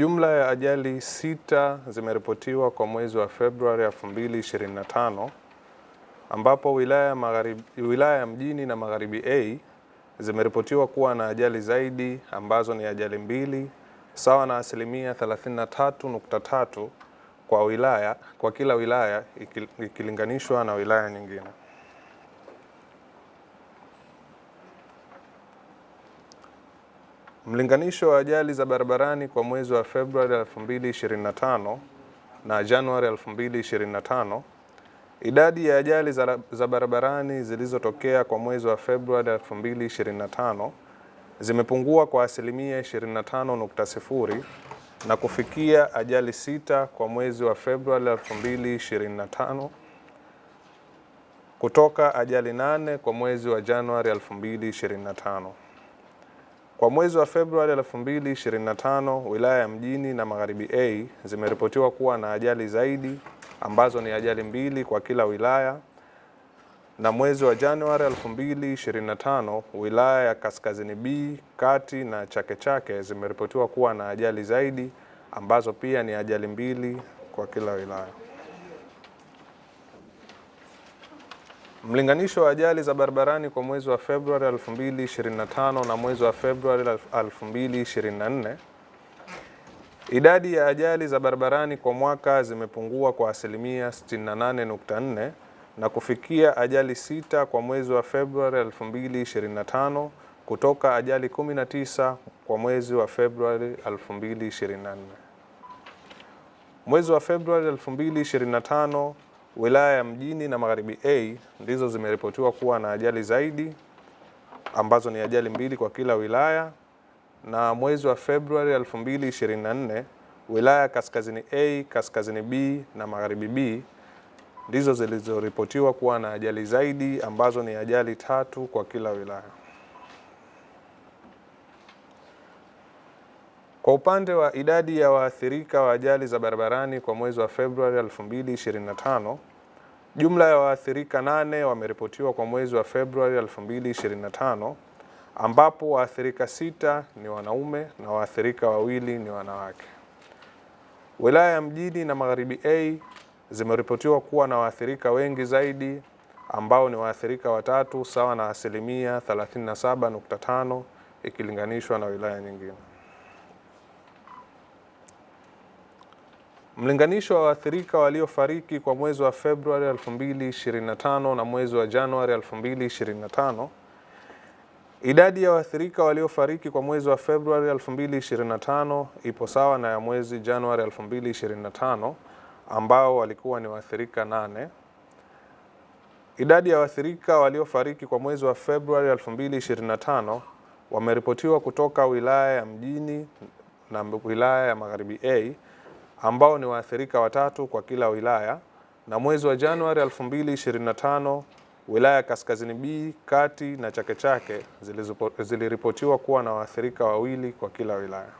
Jumla ya ajali sita zimeripotiwa kwa mwezi wa Februari 2025 ambapo wilaya ya magharibi, wilaya ya mjini na magharibi A zimeripotiwa kuwa na ajali zaidi ambazo ni ajali mbili sawa na asilimia 33.3 kwa wilaya, kwa kila wilaya ikilinganishwa na wilaya nyingine. Mlinganisho wa ajali za barabarani kwa mwezi wa Februari 2025 na Januari 2025, idadi ya ajali za, za barabarani zilizotokea kwa mwezi wa Februari 2025 zimepungua kwa asilimia 25.0 na kufikia ajali sita kwa mwezi wa Februari 2025 kutoka ajali nane kwa mwezi wa Januari 2025. Kwa mwezi wa Februari 2025, wilaya ya Mjini na Magharibi A zimeripotiwa kuwa na ajali zaidi ambazo ni ajali mbili kwa kila wilaya, na mwezi wa Januari 2025, wilaya ya Kaskazini B, Kati na Chake Chake zimeripotiwa kuwa na ajali zaidi ambazo pia ni ajali mbili kwa kila wilaya. Mlinganisho wa ajali za barabarani kwa mwezi wa Februari 2025 na mwezi wa Februari 2024, idadi ya ajali za barabarani kwa mwaka zimepungua kwa asilimia 68.4 na kufikia ajali sita kwa mwezi wa Februari 2025 kutoka ajali 19 kwa mwezi wa Februari 2024. Mwezi wa Februari Wilaya ya Mjini na Magharibi A ndizo zimeripotiwa kuwa na ajali zaidi ambazo ni ajali mbili kwa kila wilaya, na mwezi wa Februari 2024 wilaya ya Kaskazini A, Kaskazini B na Magharibi B ndizo zilizoripotiwa kuwa na ajali zaidi ambazo ni ajali tatu kwa kila wilaya. Kwa upande wa idadi ya waathirika wa ajali za barabarani kwa mwezi wa Februari 2025, jumla ya waathirika nane wameripotiwa kwa mwezi wa Februari 2025 ambapo waathirika sita ni wanaume na waathirika wawili ni wanawake. Wilaya ya Mjini na Magharibi A zimeripotiwa kuwa na waathirika wengi zaidi ambao ni waathirika watatu sawa na asilimia 37.5 ikilinganishwa na wilaya nyingine. Mlinganisho wa waathirika waliofariki kwa mwezi wa Februari 2025 na mwezi wa Januari 2025. Idadi ya waathirika waliofariki kwa mwezi wa Februari 2025 ipo sawa na ya mwezi Januari 2025 ambao walikuwa ni waathirika nane. Idadi ya waathirika waliofariki kwa mwezi wa Februari 2025 wameripotiwa kutoka wilaya ya Mjini na wilaya ya Magharibi A ambao ni waathirika watatu kwa kila wilaya, na mwezi wa Januari 2025 wilaya Kaskazini B, Kati na Chake Chake ziliripotiwa kuwa na waathirika wawili kwa kila wilaya.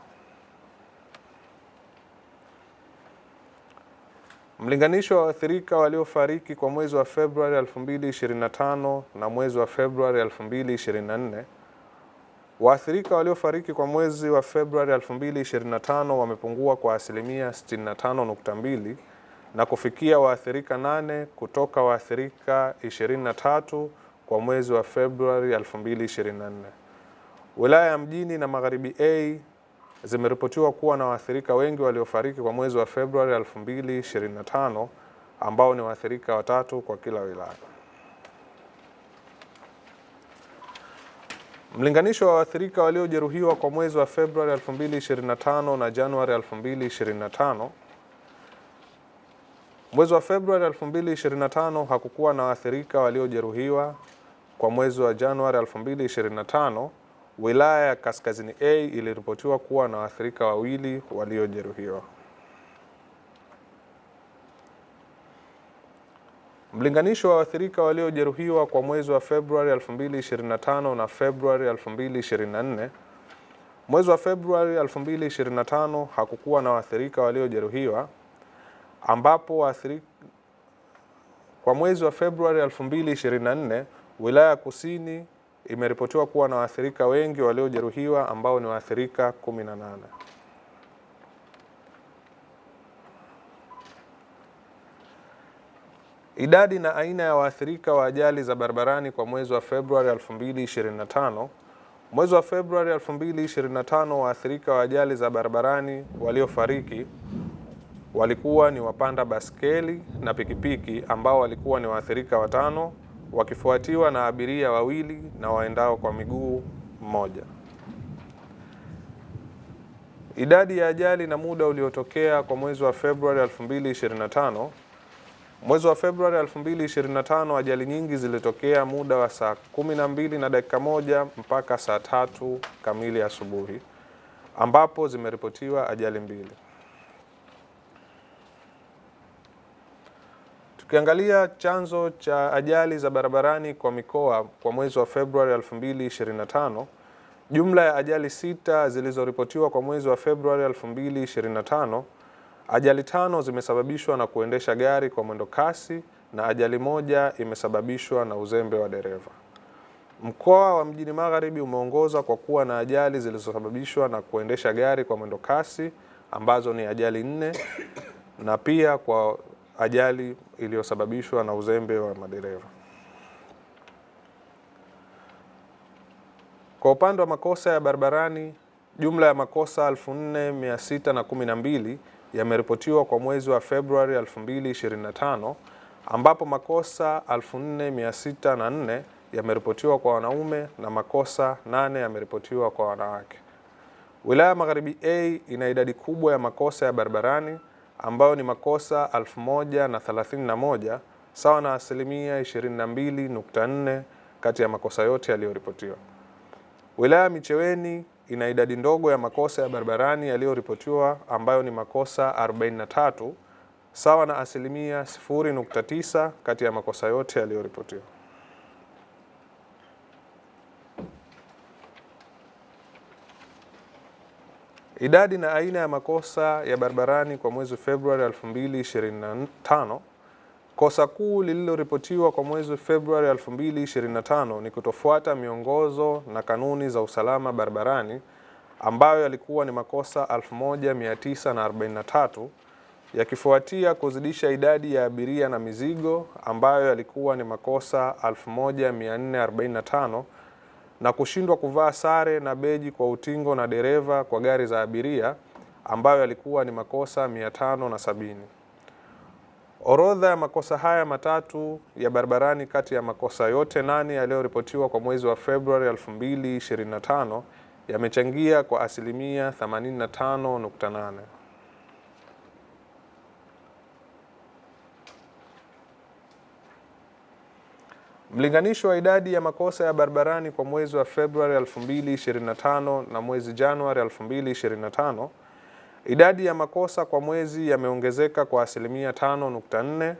Mlinganisho wa waathirika waliofariki kwa mwezi wa Februari 2025 na mwezi wa Februari 2024 Waathirika waliofariki kwa mwezi wa Februari 2025 wamepungua kwa asilimia 65.2 na kufikia waathirika 8 kutoka waathirika 23 kwa mwezi wa Februari 2024. Wilaya ya Mjini na Magharibi A zimeripotiwa kuwa na waathirika wengi waliofariki kwa mwezi wa Februari 2025 ambao ni waathirika watatu kwa kila wilaya. Mlinganisho wa waathirika waliojeruhiwa kwa mwezi wa Februari 2025 na Januari 2025. Mwezi wa Februari 2025 hakukuwa na waathirika waliojeruhiwa kwa mwezi wa Januari 2025. Wilaya ya Kaskazini A iliripotiwa kuwa na waathirika wawili waliojeruhiwa. Mlinganisho wa waathirika waliojeruhiwa kwa mwezi wa Februari 2025 na Februari 2024. Mwezi wa Februari 2025 hakukuwa na waathirika waliojeruhiwa ambapo waathirika kwa mwezi wa Februari 2024 wilaya ya Kusini imeripotiwa kuwa na waathirika wengi waliojeruhiwa ambao ni waathirika 18. Idadi na aina ya waathirika wa ajali za barabarani kwa mwezi wa Februari 2025. Mwezi wa Februari 2025, waathirika wa ajali za barabarani waliofariki walikuwa ni wapanda baskeli na pikipiki ambao walikuwa ni waathirika watano, wakifuatiwa na abiria wawili na waendao kwa miguu mmoja. Idadi ya ajali na muda uliotokea kwa mwezi wa Februari 2025 Mwezi wa Februari 2025 ajali nyingi zilitokea muda wa saa mbili na dakika moja mpaka saa tatu kamili asubuhi ambapo zimeripotiwa ajali mbili. Tukiangalia chanzo cha ajali za barabarani kwa mikoa kwa mwezi wa Februari 2025, jumla ya ajali sita zilizoripotiwa kwa mwezi wa Februari 2025 Ajali tano zimesababishwa na kuendesha gari kwa mwendo kasi na ajali moja imesababishwa na uzembe wa dereva. Mkoa wa Mjini Magharibi umeongoza kwa kuwa na ajali zilizosababishwa na kuendesha gari kwa mwendo kasi ambazo ni ajali nne na pia kwa ajali iliyosababishwa na uzembe wa madereva. Kwa upande wa makosa ya barabarani, jumla ya makosa 4612 yameripotiwa kwa mwezi wa Februari 2025 ambapo makosa 4604 yameripotiwa kwa wanaume na makosa 8 yameripotiwa kwa wanawake. Wilaya Magharibi A ina idadi kubwa ya makosa ya barabarani ambayo ni makosa 1031 sawa na asilimia 22.4 kati ya makosa yote yaliyoripotiwa. Wilaya Micheweni ina idadi ndogo ya makosa ya barabarani yaliyoripotiwa ambayo ni makosa 43 sawa na asilimia 0.9 kati ya makosa yote yaliyoripotiwa. Idadi na aina ya makosa ya barabarani kwa mwezi Februari 2025 Kosa kuu lililoripotiwa kwa mwezi Februari 2025 ni kutofuata miongozo na kanuni za usalama barabarani ambayo yalikuwa ni makosa 1943 yakifuatia kuzidisha idadi ya abiria na mizigo ambayo yalikuwa ni makosa 1445 na kushindwa kuvaa sare na beji kwa utingo na dereva kwa gari za abiria ambayo yalikuwa ni makosa 570. Orodha ya makosa haya matatu ya barabarani kati ya makosa yote nane yaliyoripotiwa kwa mwezi wa Februari 2025 yamechangia kwa asilimia 85.8. Mlinganisho wa idadi ya makosa ya barabarani kwa mwezi wa Februari 2025 na mwezi Januari 2025 Idadi ya makosa kwa mwezi yameongezeka kwa asilimia 5.4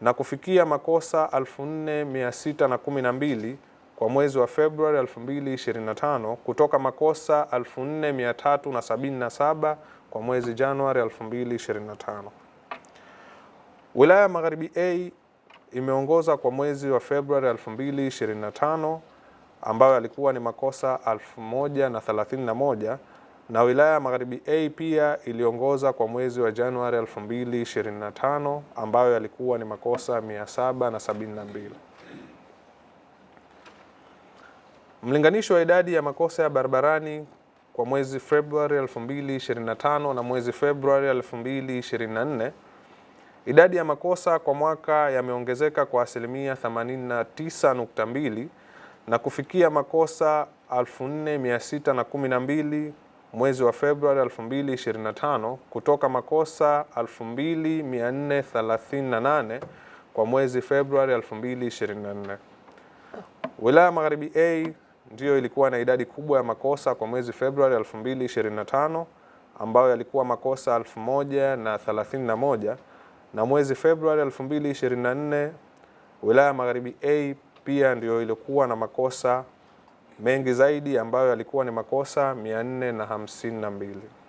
na kufikia makosa 4612 kwa mwezi wa Februari 2025 kutoka makosa 4377 kwa mwezi Januari 2025. Wilaya ya Magharibi A imeongoza kwa mwezi wa Februari 2025 ambayo alikuwa ni makosa 1031 na wilaya ya Magharibi A pia iliongoza kwa mwezi wa Januari 2025 ambayo yalikuwa ni makosa 772. Mlinganisho wa idadi ya makosa ya barabarani kwa mwezi Februari 2025 na mwezi Februari 2024, idadi ya makosa kwa mwaka yameongezeka kwa asilimia 89.2 na kufikia makosa 4612 mwezi wa Februari 2025 kutoka makosa 2438 kwa mwezi Februari 2024. Wilaya Magharibi A ndiyo ilikuwa na idadi kubwa ya makosa kwa mwezi Februari 2025 ambayo yalikuwa makosa 1031 na, na mwezi Februari 2024 Wilaya Magharibi A pia ndiyo ilikuwa na makosa mengi zaidi ambayo yalikuwa ni makosa 452.